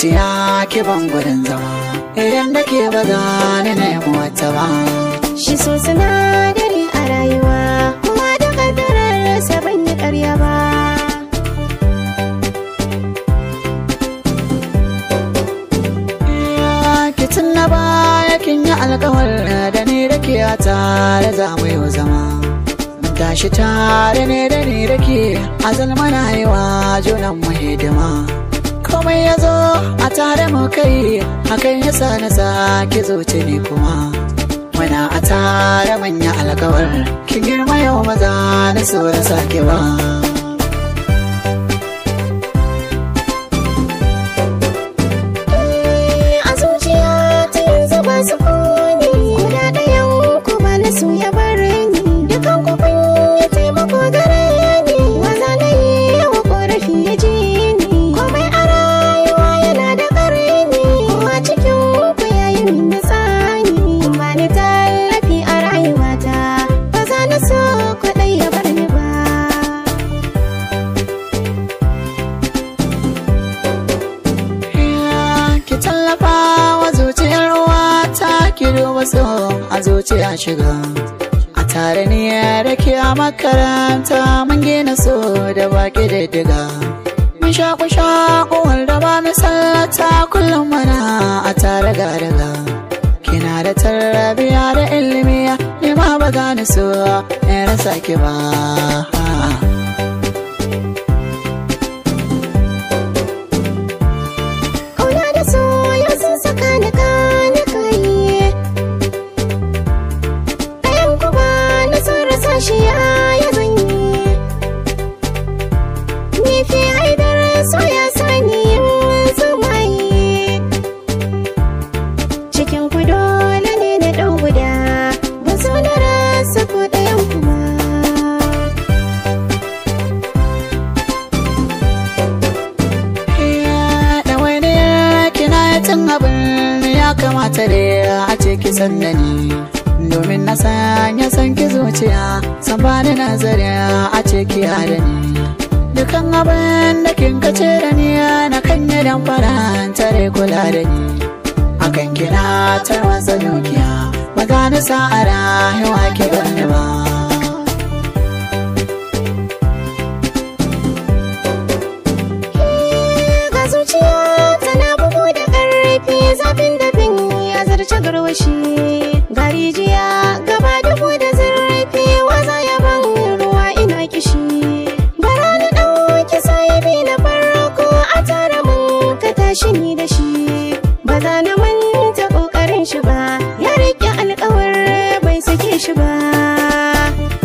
zuciya ki ban gudun zama idan da ke ba za ni na yamu wata ba shi so sinadari a rayuwa kuma da kadarar rasa ban yi karya ba tun na baya kin yi alkawar da ni da ke tare za mu yi zama tashi tare ne da ni da ke azal junan mu hidima komai ya zo a tare mu kai Akan ya sa na sake zoce ne kuma muna a tare manya alkawar ki girma yau maza na so na sake ba fa wa zuciyar ruwa ta duba so a zuciya shiga a tare ne ya rake a makaranta mun gina so da baki da diga mun sha shaku wanda ba sallata kullum mana a tare ga daga kina da tarrabiya da ilimi ne ma ba gane so ya rasa ki ba dare a ce ki sannani domin na san ya san ki zuciya san ba da nazari a ce ki ni dukan abin da kin kace da ni na kan yi dan faranta da kula da ni akan kina wasa dukiya magana sa'ara yawa ki ni ba shi ni da shi ba za na manta kokarin shi ba ya rike alkawar bai sake shi ba